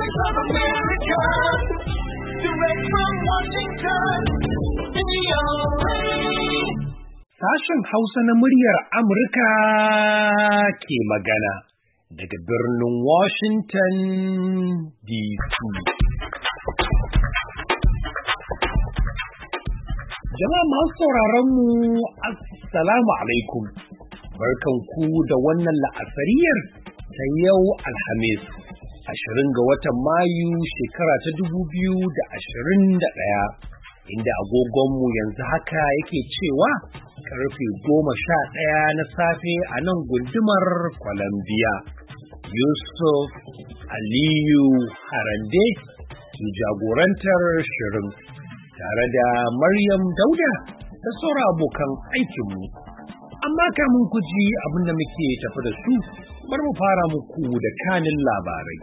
Voice of America, direct from Washington, Sashen Hausa na muryar Amurka ke magana daga birnin Washington DC. Jama'a masu sauraron mu, Assalamu alaikum. Barkan ku da wannan la'asariyar ta yau Alhamis. ashirin ga watan Mayu shekara ta dubu biyu da ashirin da ɗaya, inda agogonmu yanzu haka yake cewa karfe goma sha ɗaya na safe a nan gundumar Colombia. Yusuf Aliyu Harande ke jagorantar shirin tare da Maryam Dauda da sauran abokan aikinmu. amma kamun ku ji abin da muke tafi da su bar mu fara muku da kanin labarai.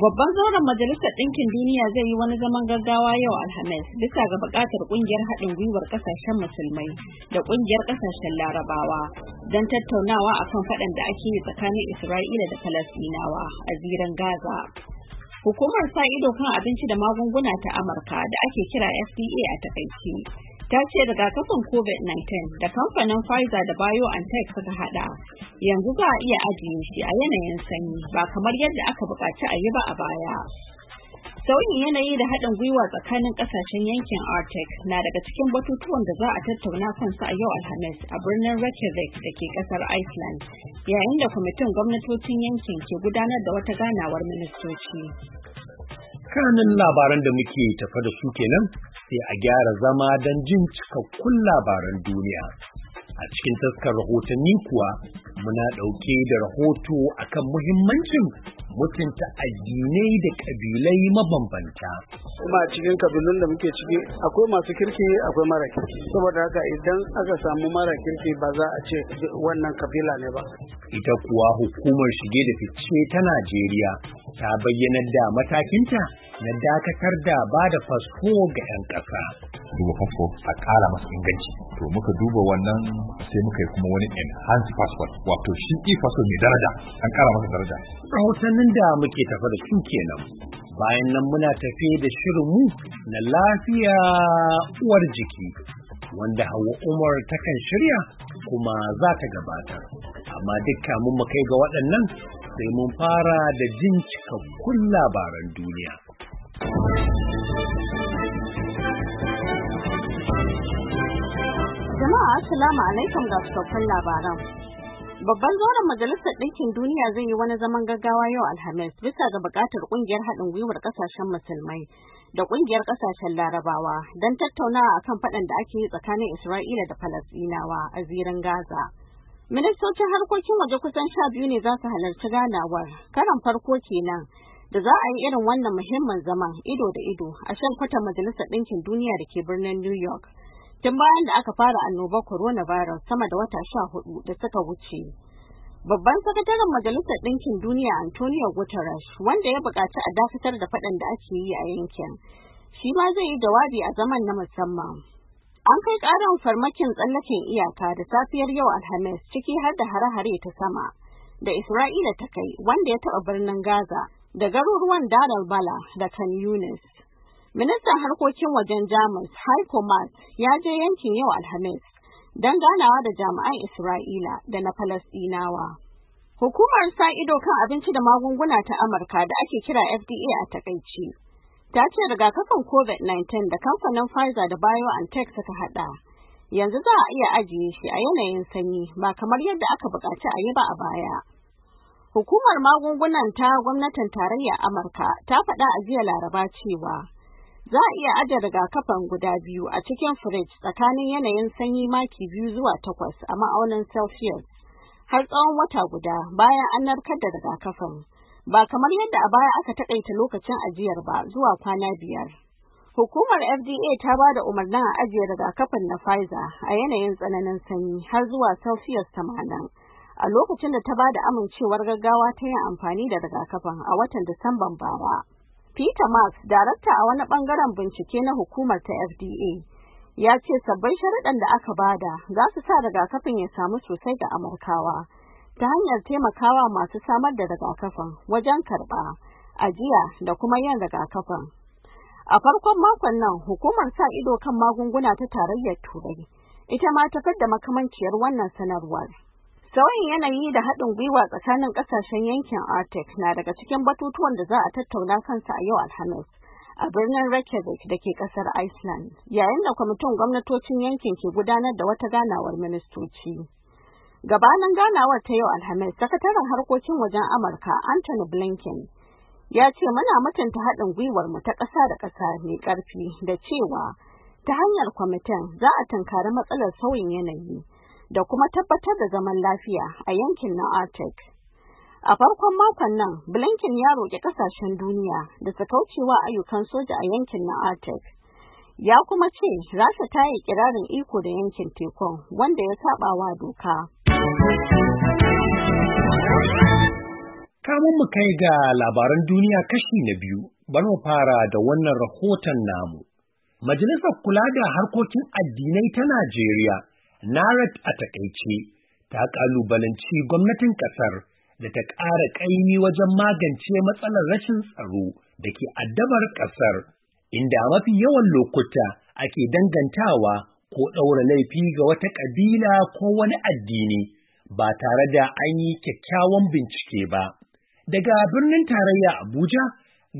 Babban zauren Majalisar Ɗinkin Duniya zai yi wani zaman gaggawa yau Alhamis bisa ga buƙatar ƙungiyar haɗin gwiwar ƙasashen musulmai da ƙungiyar ƙasashen larabawa don tattaunawa akan faɗan da ake yi tsakanin Isra'ila da Falasɗinawa a ziran Gaza. Hukumar sa ido kan abinci da magunguna ta Amurka da ake kira FDA a takaice ta ce rigakafin covid-19 da kamfanin pfizer da biontech suka hada yanzu za a iya ajiye shi a yanayin sanyi ba kamar yadda aka bukaci a yi ba a baya sauyin yanayi da haɗin gwiwa tsakanin ƙasashen yankin arctic na daga cikin batutuwan da za a tattauna su a yau alhamis a birnin reykjavik da ke ƙasar iceland yayin da kwamitin gwamnatocin yankin ke gudanar da wata ganawar ministoci kanin labaran da muke tafa da su kenan sai a gyara zama don jin cikakkun labaran duniya. A cikin taskar rahotanni kuwa muna ɗauke da rahoto akan muhimmancin mutunta addinai da ƙabilai mabambanta. Kuma cikin kabilun da muke ciki akwai masu kirki akwai mara kirki. Saboda haka idan aka samu mara kirki ba za a ce wannan kabila ne ba. Ita kuwa hukumar shige da fice ta Najeriya ta bayyana da matakinta na dakatar da ba da fasfo ga 'yan ƙasa. Duba fasfo a ƙara masa inganci. To muka duba wannan sai muka yi kuma wani enhanced passport wato shi e-passport mai daraja an ƙara masa daraja. A Rahotannin da muke tafa da su kenan. Bayan nan muna tafe da shirinmu na lafiya uwar jiki wanda Hauwa Umar takan shirya kuma za ta gabatar. Amma duk mun kai ga waɗannan sai mun fara da jin cikakkun labaran duniya. Jama'a Assalamu alaikum ga cikakkun labaran. Babban zauren Majalisar Ɗinkin Duniya zai yi wani zaman gaggawa yau Alhamis bisa ga buƙatar ƙungiyar haɗin gwiwar ƙasashen musulmai da ƙungiyar ƙasashen larabawa don tattaunawa kan faɗan da ake yi tsakanin Isra'ila da Falasɗinawa a zirin Gaza. Ministocin harkokin waje kusan sha biyu ne za su halarci ganawar, karan farko kenan. da za a yi irin wannan muhimman zama ido da ido a shan kwatar majalisar ɗinkin duniya da ke birnin New York. Tun bayan da aka fara annobar coronavirus sama da wata sha hudu da suka wuce. Babban sakataren Majalisar Ɗinkin Duniya Antonio Guterres wanda ya buƙaci a dakatar da faɗin da ake yi a yankin. Shi ma zai yi jawabi a zaman na musamman. An kai ƙarin farmakin tsallaken iyaka da safiyar yau Alhamis ciki har da hare-hare ta sama da Isra'ila ta kai wanda ya taɓa birnin Gaza. da garuruwan Darar Bala da Kan Yunis. Ministan harkokin wajen Jamus Heiko Maas ya je yankin yau Alhamis don ganawa da jami'an Isra'ila da na Falasɗinawa. Hukumar sa ido kan abinci da magunguna ta Amurka da ake kira FDA a takaici. Ta ce rigakafin COVID-19 da kamfanin Pfizer da BioNTech suka hada. Yanzu za a iya ajiye shi a yanayin sanyi ba kamar yadda aka buƙaci a yi ba a baya. Hukumar magungunan ta gwamnatin tarayya Amurka ta faɗa a jiya Laraba cewa za a iya ajiye rigakafan guda biyu a cikin firij tsakanin yanayin sanyi maki biyu zuwa takwas a ma'aunin Celsius har tsawon wata guda bayan an narkar da rigakafan. Ba kamar yadda a baya aka taƙaita lokacin ajiyar ba zuwa kwana biyar. Hukumar FDA ta ba da umarnin a ajiye rigakafan na Pfizer a yanayin tsananin sanyi har zuwa Celsius 80. a lokacin da ta ba da amincewar gaggawa ta yin amfani da rigakafin a watan Disamban bawa. Peter Marks, darakta a wani bangaren bincike na hukumar ta FDA, ya ce sabbin sharaɗan da aka bada za su sa rigakafin ya samu sosai ga Amurkawa ta hanyar taimakawa masu samar da rigakafin wajen karɓa, ajiya da kuma yin rigakafin. A farkon makon nan hukumar sa ido kan magunguna ta tarayyar Turai ita ma ta fadda makamanciyar wannan sanarwar. Sauyin yanayi da haɗin gwiwa tsakanin ƙasashen yankin Arctic na daga cikin batutuwan da za a tattauna kansa a yau Alhamis a birnin Reykjavik da ke ƙasar Iceland, yayin da kwamitin gwamnatocin yankin ke gudanar da wata ganawar ministoci. Gabanin ganawar ta yau Alhamis, sakataren harkokin wajen Amurka Anthony Blinken ya ce muna mutunta haɗin gwiwar mu ta ƙasa da ƙasa mai ƙarfi da cewa ta hanyar kwamitin za a tunkari matsalar sauyin yanayi. da kuma tabbatar da zaman lafiya a yankin na Arctic. A farkon makon nan, Blinken ya roƙi ƙasashen duniya da su kaucewa ayyukan soja a yankin na Arctic. Ya kuma ce, Rasha ta yi ƙirarin iko da yankin tekun wanda ya wa doka. Kamun mu kai ga labaran duniya kashi na biyu, bari mu fara da wannan rahoton namu. Majalisar Kula da Harkokin Addinai ta Najeriya narat a takaice ta kalubalanci gwamnatin kasar da ta ƙara ƙaimi wajen magance matsalar rashin tsaro da ke addabar kasar, inda mafi yawan lokuta ake dangantawa ko ɗaura laifi ga wata ƙabila ko wani addini ba tare da an yi kyakkyawan bincike ba. Daga birnin tarayya Abuja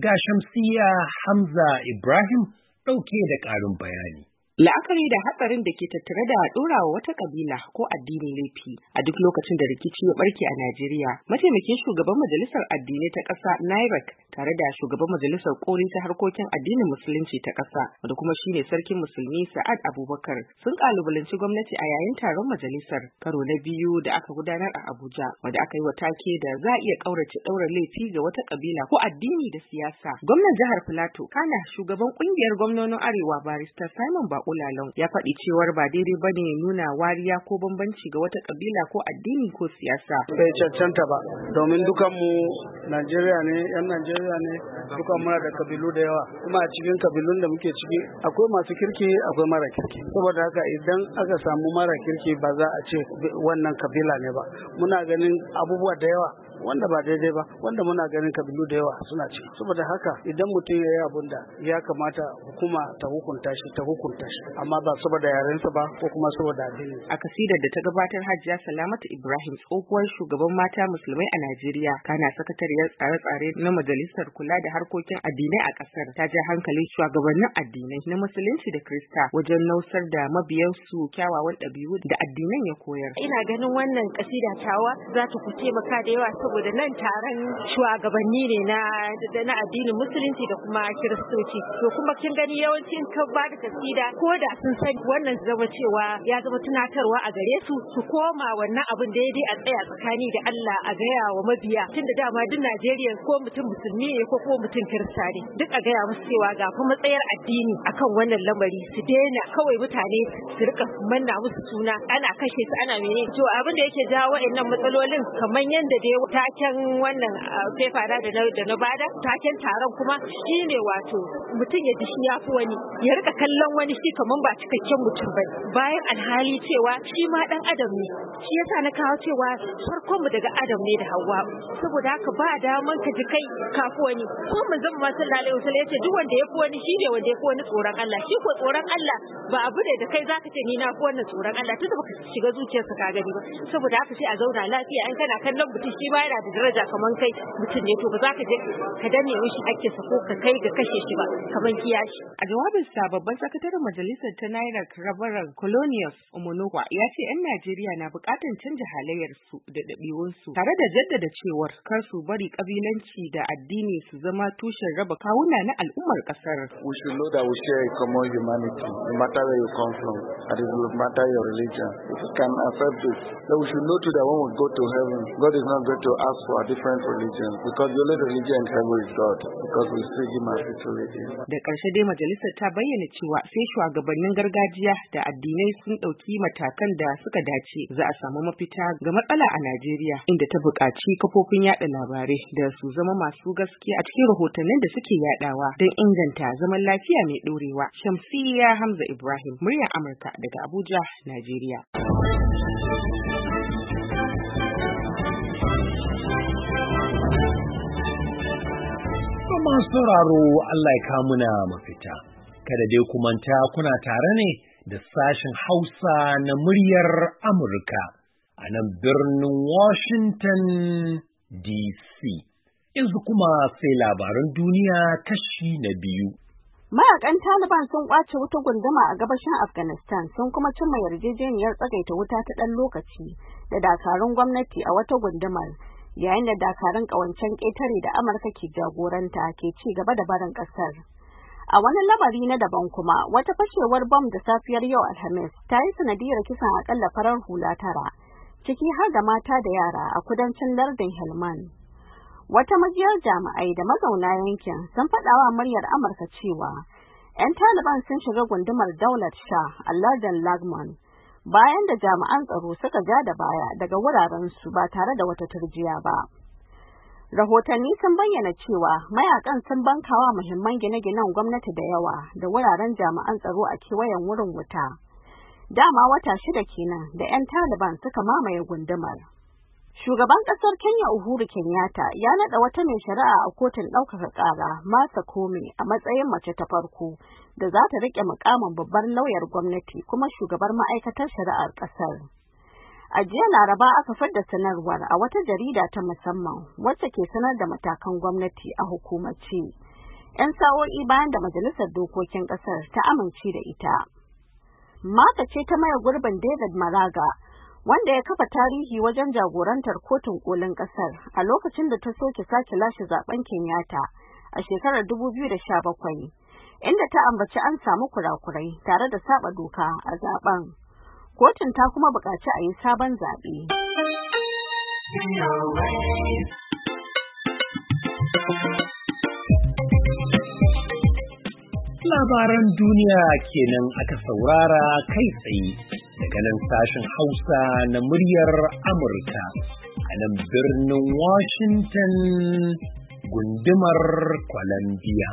ga Shamsiya Hamza Ibrahim ɗauke da ƙarin bayani. La'akari da hatsarin da ke tattare da ɗorawa wata kabila ko addini laifi a duk lokacin da rikici ya barke a Najeriya, mataimakin shugaban majalisar addinai ta ƙasa NIREC tare da shugaban majalisar koli ta harkokin addinin musulunci ta ƙasa da kuma shine sarkin musulmi Sa'ad Abubakar sun kalubalanci gwamnati a yayin taron majalisar karo na biyu da aka gudanar a Abuja wanda aka yi wa take da za a iya ƙaurace ɗaurin laifi ga wata ƙabila ko addini da siyasa. Gwamnan jihar Filato kana shugaban ƙungiyar gwamnonin Arewa barista Simon baƙulalon ya faɗi cewar ba daidai ba ne nuna wariya ko bambanci ga wata ƙabila ko addini ko siyasa. Bai cancanta ba domin dukanmu Najeriya ne 'yan Najeriya Najeriya ne duka muna da kabilu da yawa kuma a cikin kabilun da muke ciki akwai masu kirki akwai mara kirki saboda haka idan aka samu mara kirki ba za a ce wannan kabila ne ba muna ganin abubuwa da yawa wanda ba daidai ba wanda muna ganin kabilu da yawa suna ci saboda haka idan mutum ya yi abun da ya kamata hukuma ta hukunta shi ta hukunta shi amma ba saboda yarensa ba ko kuma saboda addini a kasidar da ta gabatar hajiya salamatu ibrahim tsohuwar shugaban mata musulmai a najeriya kana sakatariyar tsare-tsare na majalisar kula da harkokin addinai a kasar ta ja hankalin shugabannin addinai na musulunci da krista wajen nausar da mabiyan su kyawawan ɗabi'u da addinan ya koyar ina ganin wannan kasida tawa za ta ku taimaka da yawa saboda nan taron shugabanni ne na na addinin musulunci da kuma kiristoci to kuma kin gani yawancin ka ba da kasida ko da sun san wannan zama cewa ya zama tunatarwa a gare su su koma wannan abin daidai a tsaya tsakani da Allah a gaya wa mabiya tunda dama duk Najeriya ko mutum musulmi ne ko kuma mutum kirista ne duk a gaya musu cewa ga kuma matsayar addini akan wannan lamari su daina kawai mutane su rika manna musu suna ana kashe su ana menene to abin da yake jawo wa'annan matsalolin kamar yadda da taken wannan fefa uh, da da na bada taken taron kuma shi wato mutum ya ji shi ya fi wani ya rika kallon wani shi kamar ba cikakken mutum ba bayan alhali cewa shi ma dan adam ne shi yasa na kawo cewa farkon mu daga adam ne da hawa saboda haka ba daman ka ji kai fi wani ko mun zama masu alaihi wasallam yace duk wanda ya fi wani shi ne wanda ya fi wani tsoron Allah shi ko tsoron Allah ba abu ne da kai zaka ce ni na fi wannan tsoron Allah tunda baka shiga zuciyarsa ka gani ba saboda haka sai a zauna lafiya an kana kallon mutum shi ba yana da daraja kai mutum ne to ba za ka je ka ake sa ko ka kai ga kashe shi ba A jawabin sa babban sakataren majalisar ta Naira Rabaran Colonius ya Najeriya na canja da tare da jaddada cewar kar su bari da addini su zama tushen raba kawuna na al'ummar We should know that we share a common humanity no matter where you come from and it will matter your religion. If you can accept this, then we should know too that when we go to heaven, God is not going to ask for different religion because the only religion can God because we see Him as religion. Da ƙarshe dai majalisar ta bayyana cewa sai shugabannin gargajiya da addinai sun ɗauki matakan da suka dace za a samu mafita ga matsala a Najeriya inda ta buƙaci kafofin yaɗa labarai da su zama masu gaskiya a cikin rahotannin da suke yaɗawa don inganta zaman lafiya mai ɗorewa. Shamsiyya Hamza Ibrahim, muryar Amurka daga Abuja, Najeriya. Masu sauraro Allah ya kawo muna mafita, kada dai kumanta kuna tare ne da sashen Hausa na muryar Amurka a nan birnin Washington DC. Yanzu kuma sai labaran duniya kashi na biyu. Mayakan Taliban sun ƙwace wata gunduma a gabashin Afghanistan sun kuma cimma yarjejeniyar tsagaita wuta ta ɗan lokaci da dakarun gwamnati a wata gundumar. yayin da dakarun ƙawancen ƙetare da amurka ke jagoranta ke ci gaba da barin ƙasar a wani labari na daban kuma wata fashewar bom da safiyar yau alhamis ta yi sanadiyar kisan akalla farar hula tara ciki har da mata da yara a kudancin lardin helman wata majiyar jami'ai da mazauna yankin sun faɗawa muryar amurka cewa 'yan taliban sun shiga gundumar daular sha a lardin lagman bayan da jami'an tsaro suka ja da baya daga wurarensu ba tare da wata turjiya ba. Rahotanni sun bayyana cewa mayakan sun bankawa muhimman gine-ginen gwamnati da yawa da wuraren jami'an tsaro a kewayen wurin wuta. Dama wata shida kenan da 'yan Taliban suka mamaye gundumar. Shugaban ƙasar Kenya Uhuru Kenyatta ya naɗa wata mai shari'a a kotun ɗaukaka ƙara Masa Kome a matsayin mace ta farko da za ta riƙe mukamin babbar lauyar gwamnati kuma shugabar ma'aikatar shari'ar ƙasar. A jiya Laraba aka fadda sanarwar a wata jarida ta musamman wacce ke sanar da matakan gwamnati a hukumace. 'Yan sa'o'i bayan da Majalisar Dokokin Ƙasar ta amince da ita. Mata ce ta maye gurbin David Maraga wanda ya kafa tarihi wajen jagorantar kotun kolin kasar a lokacin da ta soke sake lashe zaben Kenyatta a shekarar 2017 inda ta ambaci an samu kurakurai tare da saba doka a zaben kotun ta kuma buƙaci a yi sabon zaɓe. Labaran duniya kenan aka saurara kai tsaye daga nan sashen Hausa na muryar Amurka a nan birnin Washington gundumar Columbia.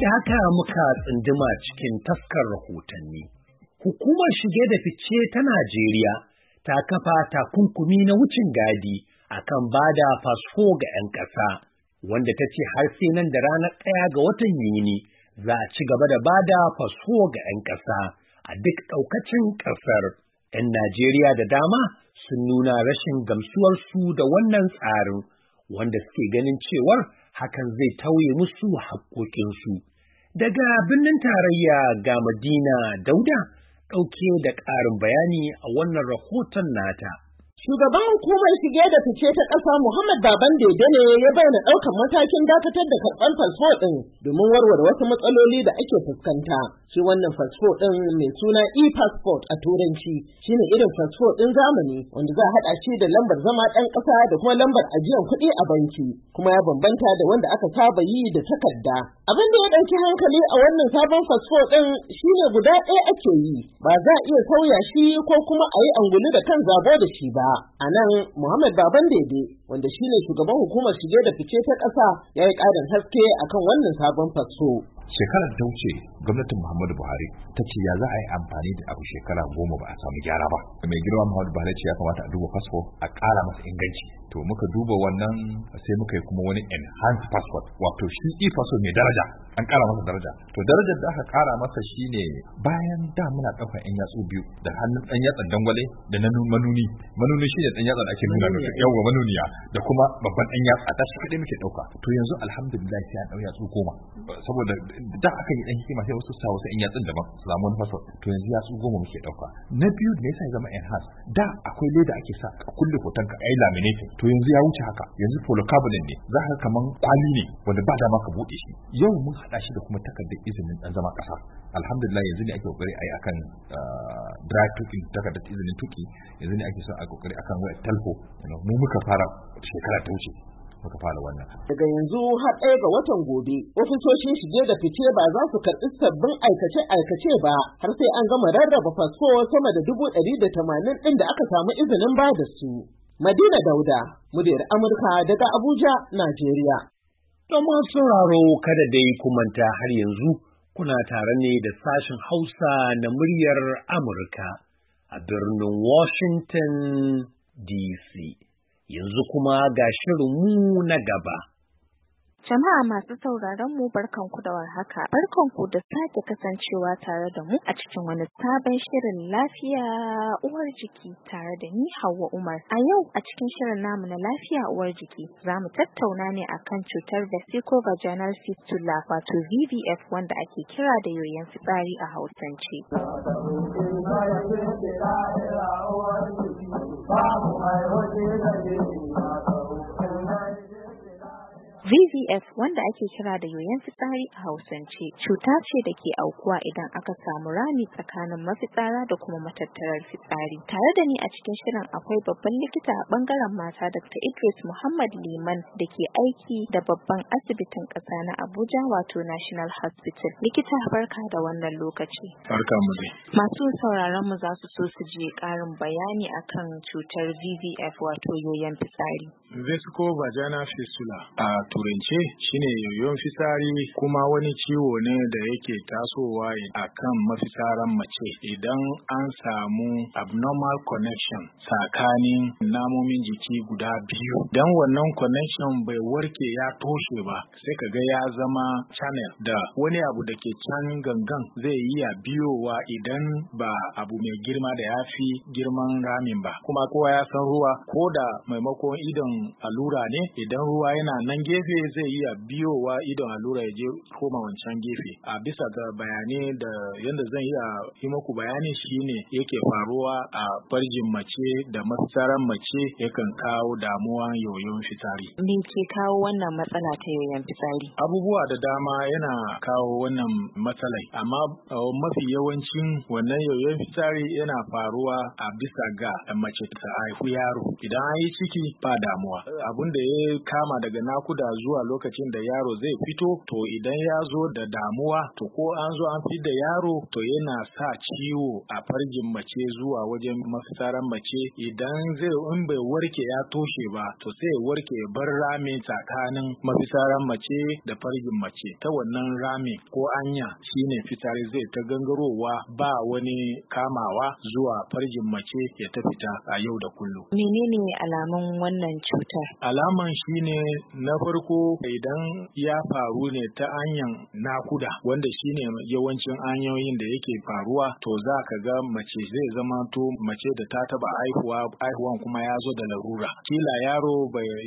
Da haka muka tsunduma cikin taskar rahotanni. Hukumar shige da fice ta Najeriya ta kafa takunkumi na wucin gadi akan bada fasfo ga 'yan ƙasa, wanda ta ce har sai nan da ranar ɗaya ga watan Yuni. za a ci gaba da bada faso ga 'yan ƙasa a duk ɗaukacin ƙasar. 'Yan Najeriya da dama sun nuna rashin gamsuwarsu da wannan tsarin, wanda suke ganin cewar hakan zai tauye musu haƙoƙinsu. Daga birnin tarayya ga Madina Dauda ɗauke da ƙarin bayani a wannan rahoton nata. Shugaban hukumar shige da fice ta ƙasa Muhammad Baban Dede ne ya bayyana ɗaukar matakin dakatar da karɓar fasfo ɗin domin warware wasu matsaloli da ake fuskanta. Shi wannan fasfo ɗin mai suna e-passport a turanci shine irin fasfo ɗin zamani wanda za a haɗa shi da lambar zama ɗan ƙasa da kuma lambar ajiyar kuɗi a banki kuma ya bambanta da wanda aka saba yi da takarda. Abin da ya ɗauki hankali a wannan sabon fasfo ɗin shine guda ɗaya ake yi ba za a iya sauya shi ko kuma a yi angulu da kan zabo da shi ba. a nan Muhammad Baban Dede wanda shine shugaban hukumar shige da fice ta ƙasa ya yi ƙarin haske akan wannan sabon faso. shekarar ta wuce gwamnatin muhammadu buhari ta ce ya za a yi amfani da abu shekara goma ba a samu gyara ba mai girma muhammadu buhari ce ya kamata a duba fasfo a ƙara masa inganci to muka duba wannan sai muka yi kuma wani enhanced passport wato shi e-passport mai daraja an ƙara masa daraja to darajar da aka ƙara masa shine bayan da muna ɗaukar yan yatsu biyu da hannun ɗan yatsan dangwale da na manuni manuni shi ne ɗan yatsan ake nuna yawwa manuniya da kuma babban ɗan yatsa ta shi kaɗai muke ɗauka to yanzu alhamdulillah sai an ɗau yatsu goma saboda da aka yi dan hikima sai wasu sawo sai in yatsun daban su samu na fasa to yanzu su goma muke dauka na biyu da yasa ya zama enhance da akwai leda ake sa a kulle hoton ka ai laminate to yanzu ya wuce haka yanzu polycarbonate ne za ka kaman kwali ne wanda ba dama ka bude shi yau mun hada shi da kuma takardar izinin dan zama kasa alhamdulillah yanzu ne ake kokari ai akan ah, dry tuking takardar izinin tuki yanzu ne ake son a kokari akan wayar telco mu muka fara shekara ta wuce suka fara wannan. Daga yanzu har ɗaya ga watan gobe, ofisoshin shige da fice ba za su karɓi sabbin aikace-aikace ba har sai an gama rarraba fasfo sama da dubu ɗari da tamanin ɗin da aka samu izinin ba da su. Madina Dauda, muryar Amurka daga Abuja, Najeriya. Domin sauraro kada dai ku manta har yanzu kuna tare ne da sashen Hausa na muryar Amurka a birnin Washington DC. yanzu kuma ga shirinmu na gaba. Jama'a masu sauraron mu barkanku da warhaka. Barkanku da sake kasancewa tare da mu a cikin wani sabon shirin lafiya uwar jiki tare da ni Hauwa Umar. A yau a cikin shirin namu na lafiya uwar jiki za mu tattauna ne a kan cutar siko vaginal fistula wato VVF wanda ake kira da yoyon fitsari a Hausance. babu mai wajen da ke VVF wanda ake kira da yoyon fitsari a Hausance cuta ce da ke aukuwa idan aka samu rami tsakanin mafitsara da kuma matattarar fitsari. Tare da ni a cikin shirin akwai babban likita a bangaren mata Dr. Idris Muhammad Liman da ke aiki da babban asibitin ƙasa na Abuja wato National Hospital. Likita barka da wannan lokaci. Barka mu Masu sauraron mu za su so su je ƙarin bayani akan cutar VVF wato yoyon fitsari. Vesico vagina fistula. A to turance shine yoyon fitsari kuma wani ciwo ne da yake tasowa a kan mafitsaran mace idan an samu abnormal connection tsakanin namomin jiki guda biyu. Dan wannan connection bai warke ya toshe ba sai ka ga ya zama channel da wani abu da ke can gangan zai iya biyowa idan ba abu mai girma da ya fi girman ramin ba. Kuma kowa ya san ruwa ko da maimakon idon allura ne idan ruwa yana nan gefe gefe zai yi biyo biyowa idon allura ya je koma wancan gefe a bisa ga bayanai da yadda zan a yi muku bayani shine yake faruwa a farjin mace da masaran mace yakan kawo damuwa yoyon fitsari me ke kawo wannan matsala ta yoyon fitsari abubuwa da dama yana kawo wannan matsalai amma oh, mafi yawancin wannan yoyon fitsari yana faruwa a bisa ga mace ta haihu yaro idan an yi ciki ba damuwa abun da ya kama daga nakuda zuwa lokacin da yaro zai fito to idan ya zo da damuwa to ko an zo an fidda yaro to yana sa ciwo a farjin mace zuwa wajen mafitaran mace idan zai in bai warke ya toshe ba to sai warke bar rami tsakanin mafitaran mace da farjin mace ta wannan rami ko anya shine fitari zai ta gangarowa ba wani kamawa zuwa farjin mace ya ta fita a yau da kullum menene alamun wannan cutar alaman shine na farko farko idan ya faru ne ta hanyar nakuda wanda shine yawancin hanyoyin da yake faruwa to za ka ga mace zai zama to mace da ta taba haihuwa haihuwan kuma ya zo da larura kila yaro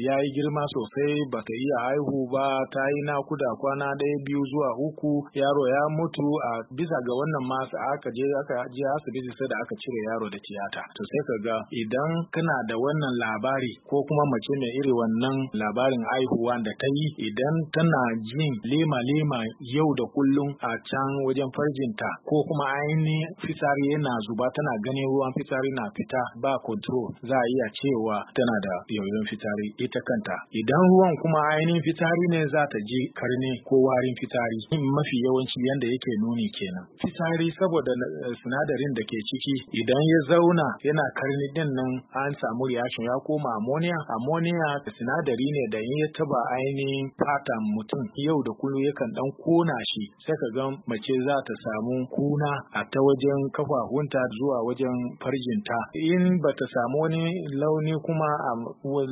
ya yi girma sosai ba ta iya haihu ba ta yi nakuda kwana ɗaya biyu zuwa uku yaro ya mutu a bisa ga wannan ma aka je aka je asibiti sai da aka cire yaro da tiyata to sai ka ga idan kana da wannan labari ko kuma mace mai iri wannan labarin haihuwa da ta yi idan tana jin lema-lema yau da kullum a can wajen farjinta ko kuma ainihin fitsari yana zuba tana ganin ruwan fitsari na fita ba control za a iya cewa tana da yoyon fitsari ita kanta idan ruwan kuma ainihin fitsari ne za ta ji karni ko warin fitsari mafi yawanci yanda yake nuni kenan fitsari saboda eh, sinadarin da ke ciki idan ya zauna yana karni din nan an samu reaction ya koma ammonia ammonia sinadari ne da in ya taba ainihin fatan mutum yau da kullum yakan dan kona shi sai ka ga mace za ta samu kuna a ta wajen kafafunta zuwa wajen farjinta in ba ta samu wani launi kuma a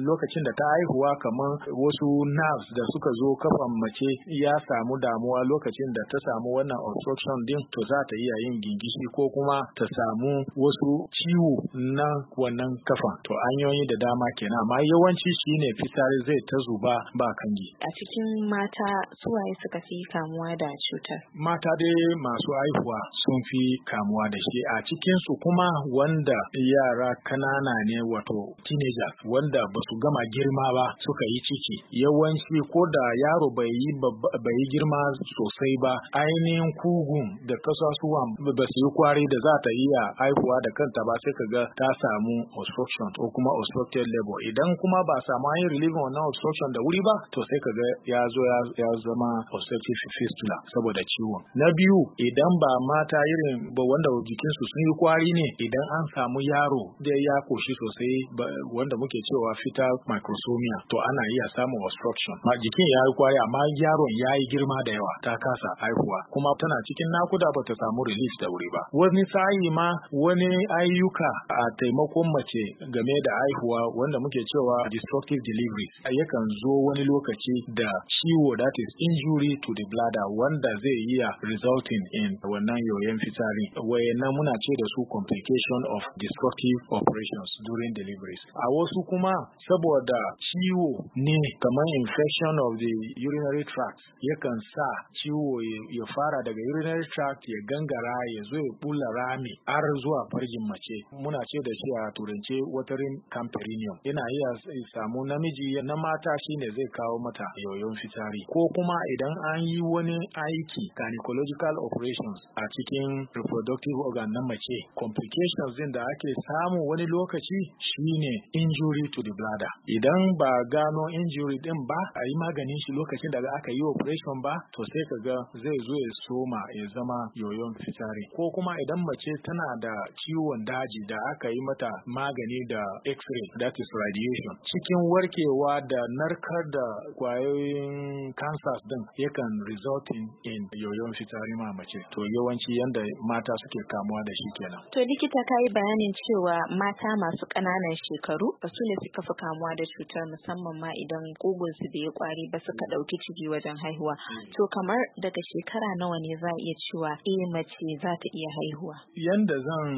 lokacin da ta haihuwa kamar wasu nerves da suka zo kafan mace ya samu damuwa lokacin da ta samu wannan obstruction din to za ta iya yin gingishi ko kuma ta samu wasu ciwo na wannan kafa to yi da dama kenan amma yawanci shine fitsari zai ta zuba ba a A cikin mata suwaye suka fi kamuwa da cutar? Mata dai masu haihuwa sun fi kamuwa da shi a cikinsu kuma wanda yara kanana ne wato teenager wanda ba su gama girma ba suka yi ciki yawanci ko da yaro bai yi girma sosai ba ainihin kugun da kasasuwan ba su yi kwari da za ta iya haihuwa da kanta ba sai ka ga ta samu obstruction ko kuma obstructed labor idan kuma ba samu an yi relieving wannan obstruction da wuri ba to sai ka ga ya zo ya zama obstetric fistula saboda ciwon na biyu idan ba mata irin ba wanda jikinsu sun yi kwari ne idan an samu yaro da ya koshi sosai wanda muke cewa fetal microsomia to ana iya samun obstruction ma jikin ya yi kwari amma yaron ya yi girma da yawa ta kasa haihuwa kuma tana cikin nakuda ba ta samu release da wuri ba wani sa'i ma wani ayyuka a taimakon mace game da haihuwa wanda muke cewa destructive delivery yakan zo wani lokaci da ciwo that is injury to the bladder wanda zai iya resulting in wannan yoyon fitsari wayannan muna ce da su complication of destructive operations during deliveries a wasu kuma saboda ciwo ne kamar infection of the urinary tract yakan sa ciwo ya fara daga urinary tract ya gangara ya zo ya bula rami har zuwa farjin mace muna ce da shi a turance watering camperinium yana iya samu namiji na mata shine zai kawo mata yoyon fitsari ko kuma idan an yi wani aiki gynecological operations a cikin reproductive organ na mace complications din da ake samu wani lokaci shine injury to the bladder idan ba gano injury din ba a yi maganin shi lokacin da aka yi operation ba to sai ka ga zai zo ya soma ya zama yoyon fitari. ko kuma idan mace tana da ciwon daji da aka yi mata magani da x-ray that is radiation cikin warkewa da narkar da kwayoyin kansas din yakan resulting in yoyon fitari ma mace to yawanci yanda mata suke kamuwa da shi kenan to likita kai bayanin cewa mata masu ƙananan shekaru ba su ne suka fi kamuwa da cutar musamman ma idan kugun su bai kwari ba suka dauki ciki wajen haihuwa mm. to kamar daga shekara nawa ne za iya cewa eh mace za ta iya haihuwa yanda zan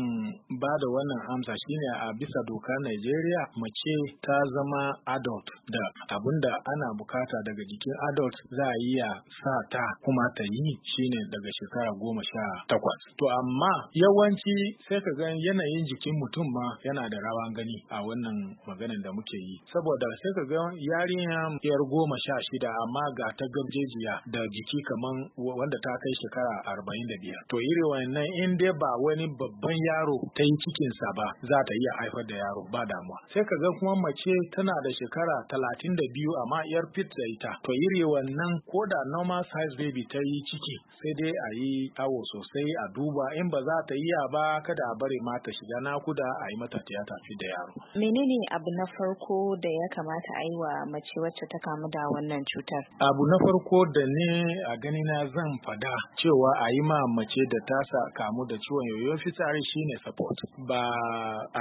ba da wannan amsa shine a bisa doka Najeriya mace ta zama adult da abinda ana bukata daga jikin adult za a iya sa ta kuma ta yi shine daga shekara goma sha takwas. To amma yawanci sai ka gan yanayin jikin mutum ma yana da rawan gani a wannan maganin da muke yi. Saboda sai ka gan yarinya yar goma sha shida amma ga ta gabjejiya da jiki kamar wanda ta kai shekara arba'in da biyar. To irin wannan in dai ba wani babban yaro ta yi cikinsa ba za ta iya haifar da yaro ba damuwa. Sai ka ga kuma mace tana da shekara talatin da biyu amma yar fit da ita to iri wannan ko da normal size baby ta yi ciki sai dai a yi awo sosai a duba in ba za ta yi a ba kada a bari mata shiga nakuda a yi mata tiyata fi da yaro menene abu na farko da ya kamata a yi wa mace wacce ta kamu da wannan cutar abu na farko da ne a gani na zan fada cewa a yi ma mace da ta kamu da ciwon yoyon fitsari shine support ba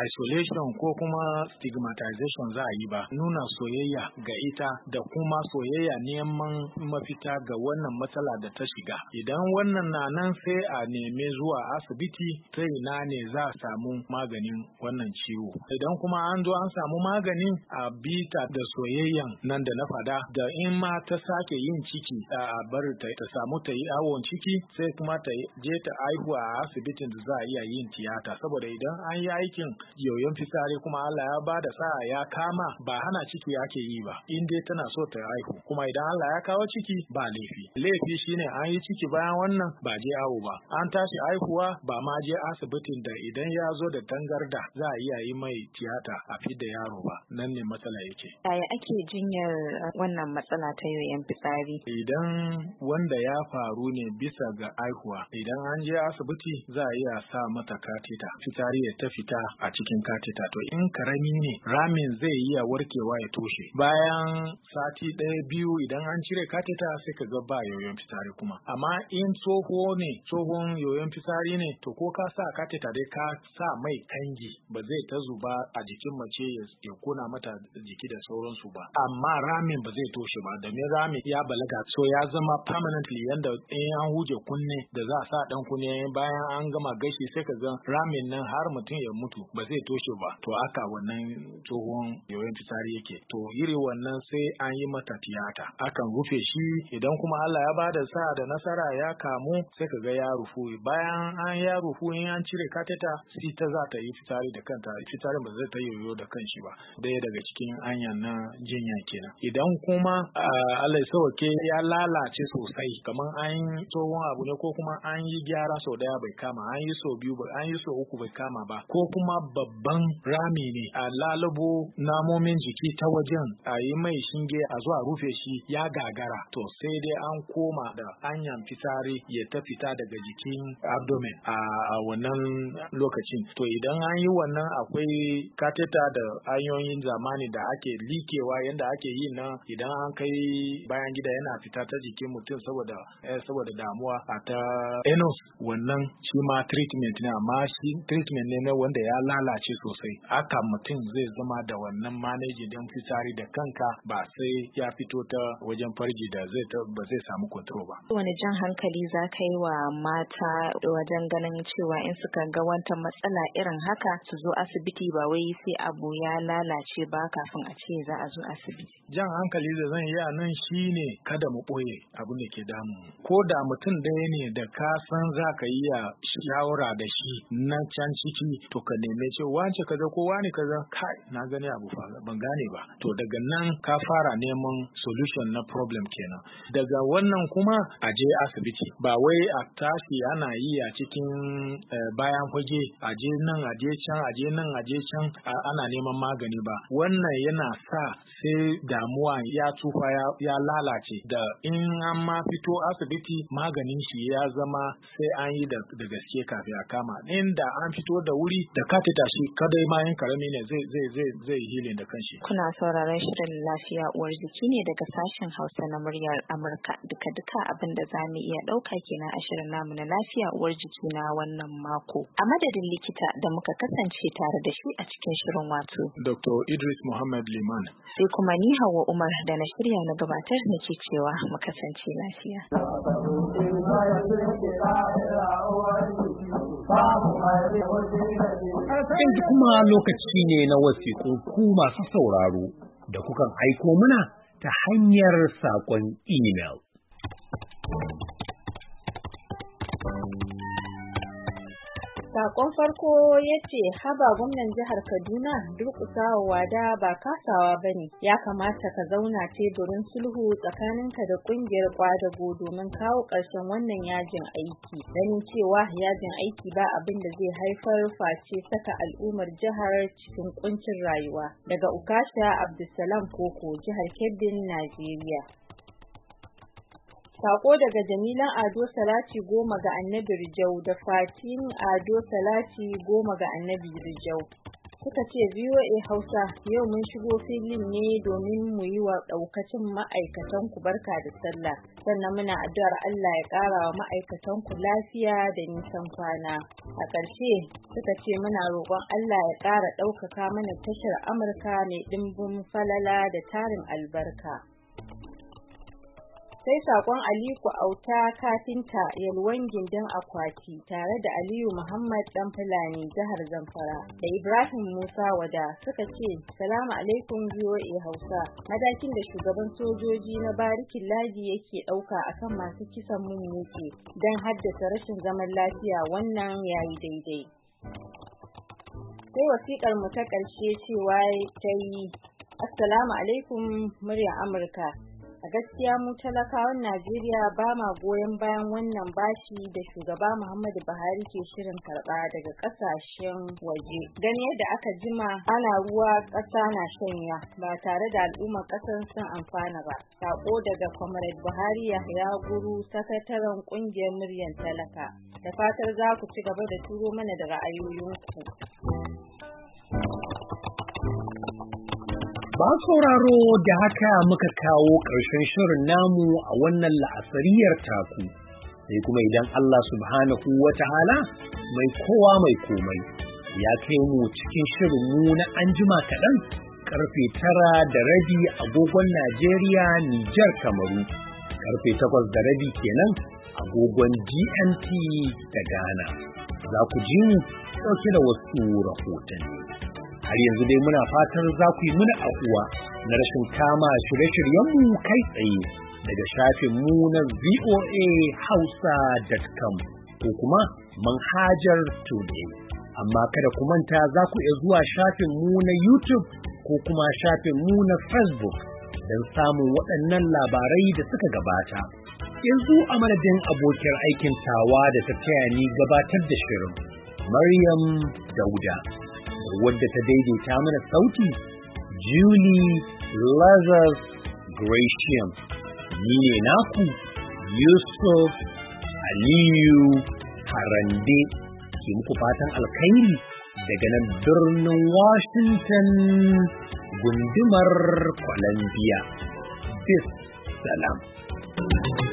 isolation ko kuma stigmatization za a yi ba nuna soyayya ga ita da kuma soyayya neman mafita ga wannan matsala da ta shiga. Idan wannan na nan sai a neme zuwa asibiti ta ina ne za a samu maganin wannan ciwo. Idan kuma an zo an samu maganin a bita da soyayyan nan da na fada da in ma ta sake yin ciki a bar ta samu ta yi awon ciki sai kuma ta je ta aihu a asibitin da za a iya yin tiyata saboda idan an yi aikin yoyon fitsari kuma Allah ya ba da sa'a ya kama ba hana ciki ake yi ba in dai tana tana so ta haihu kuma idan Allah ya kawo ciki ba laifi laifi shine an yi ciki bayan wannan ba je awo ba an tashi haihuwa ba ma je asibitin da idan ya zo da tangarda za a iya yi mai tiyata a fidda yaro ba nan ne matsala yake yaya ake jinyar uh, wannan matsala ta yoyon fitsari idan wanda ya faru ne bisa ga haihuwa idan an je asibiti za a iya sa mata katita fitsari ya ta fita a cikin katita to in karami ne ramin zai iya warkewa ya toshe bayan sati ɗaya biyu idan an cire katita, sai ka ga ba yoyon fitsari kuma amma in tsoho ne tsohon yoyon fitsari ne to ko ka sa kateta dai ka sa mai kangi ba zai ta zuba a jikin mace ya kona mata jiki da sauransu ba amma ramin ba zai toshe ba domin rami ya balaga so ya zama permanently yanda in an huje kunne da za a sa dan kunne bayan an gama gashi sai ka ga ramin nan har mutum ya mutu ba zai toshe ba to aka wannan tsohon yoyon fitsari yake to iri wannan sai an yi mata tiyata akan rufe shi idan kuma Allah ya ba da sa da nasara ya kamu sai ka ga ya rufu bayan an ya rufu in an cire kateta sai ta za ta yi fitari da kanta fitari ba zai ta yoyo da kanshi ba daya daga cikin anyan na jinya kenan idan kuma Allah ya sauke ya lalace sosai kamar an tsohon abu ne ko kuma an yi gyara sau daya bai kama an yi sau biyu an yi sau uku bai kama ba ko kuma babban rami ne a lalubo namomin jiki ta wajen a yi mai shinge buje a zuwa rufe shi ya gagara to sai dai an koma da hanyar fitsari ya ta fita daga jikin abdomen a wannan lokacin to idan an yi wannan akwai kateta da hanyoyin zamani da ake likewa yadda ake yi na idan an kai bayan gida yana fita ta jikin mutum saboda eh, saboda damuwa a ta enos wannan shi ma treatment ne amma shi treatment ne na wanda ya lalace sosai haka mutum zai zama da wannan manajin don fitsari da kanka ba sai ya fito ta wajen farji da zai ba zai samu control ba. Wani jan hankali za ka yi wa mata wajen ganin cewa in suka ga wata matsala irin haka su zo asibiti ba wai sai abu ya lalace ba kafin a ce za a zo asibiti. Jan hankali da zan yi a nan shi ne, kada mu ɓoye abu da ke damu. Ko da mutum ɗaya ne da ka san za ka iya shawara da shi na can ciki to ka neme ce wace kaza ko wani kaza kai na gani abu fa ban gane ba to daga nan ka fara neman solution na problem kenan daga wannan kuma a je asibiti ba wai a tashi ana yi a cikin eh, bayan fage a je nan a je can a je nan a je can ana neman magani ba wannan yana sa sai damuwa ya tufa ya lalace da in an ma fito asibiti maganin shi ya zama sai an yi da gaske kafin a kama inda an fito da wuri da katita shi kadai ma karami ne zai zai zai zai da kanshi kuna sauraron shirin lafiya uwar jiki ne daga sashen Hausa na muryar Amurka. Duka-duka abin da za mu iya ɗauka kenan a shirin namu na lafiya uwar jiki na wannan mako. A madadin likita da muka kasance tare da shi a cikin shirin wato. Dr. Idris Muhammad Liman. Sai kuma ni Hauwa Umar da na shirya na gabatar na ke cewa mu kasance lafiya. kuma lokaci ne na wasiƙu ku masu sauraro. da kukan aiko muna ta hanyar saƙon imel. Sakon farko ya ce haba gwamnan jihar Kaduna usawa wada ba kasawa ba ne, ya kamata ka zauna teburin sulhu tsakaninka da ƙungiyar ƙwadago domin kawo ƙarshen wannan yajin aiki. Ganin cewa yajin aiki ba abin da zai haifar face saka al'ummar jihar cikin kuncin rayuwa. Daga Ukasha Abdulsalam Koko, jihar Kebbin, Najeriya. Sako daga Jamilan Ado Salati goma ga Annabi Rijau da Fatin Ado Salati goma ga Annabi Rijau. Suka ce VOA Hausa yau mun shigo filin ne domin mu yi wa ɗaukacin ma'aikatan ku barka da sallah. Sannan muna addu'ar Allah ya ƙara wa ma'aikatan ku lafiya da nisan kwana. A ƙarshe suka ce muna roƙon Allah ya ƙara ɗaukaka mana tashar Amurka mai ɗimbin falala da tarin albarka. sai sakon Aliko Auta kafinta yalwan gindin akwati tare da Aliyu Muhammad dan Fulani jihar Zamfara da Ibrahim Musa wada suka ce salamu alaikum VOA Hausa madakin da shugaban sojoji na barikin laji yake dauka akan masu kisan mun yake don haddasa rashin zaman lafiya wannan yayi daidai sai wasikar mu ta karshe cewa ta yi assalamu alaikum murya Amurka a gaskiya mu talakawan najeriya ba ma goyon bayan wannan bashi da shugaba muhammadu buhari ke shirin karɓa daga ƙasashen waje gani yadda aka jima ana ruwa ƙasa na shanya ba tare da al'ummar ƙasar sun amfana ba sako daga comrade buhari ya guru sakataren ƙungiyar muryar talaka da fatar za ku ci gaba da turo mana da ra'ayoyinku Ba sauraro da haka muka kawo ƙarshen shirin namu a wannan la'asariyar taku, sai kuma idan Allah subhanahu wa ta'ala mai kowa mai komai ya kai mu cikin shirin mu na anjima kaɗan karfe tara da rabi agogon Najeriya Nijar Kamaru, karfe takwas da rabi kenan agogon GMT da Ghana. Za ku ji mu ɗauke da wasu rahotanni. har yanzu dai muna fatan za ku yi muna afuwa na rashin kama shirye-shiryenmu kai tsaye daga shafin mu na voahausa.com ko kuma manhajar today amma kada ku manta za ku iya zuwa shafin mu na youtube ko kuma shafin mu na facebook don samun waɗannan labarai da suka gabata yanzu a madadin abokiyar aikin tawa da ta taya ni gabatar da shirin maryam dauda wadda ta daidaita mana sauti Julie Lazarus Gratium ni ne naku Yusuf Aliyu Harande ke muku fatan alkhairi daga nan birnin Washington gundumar Columbia. Peace, salam.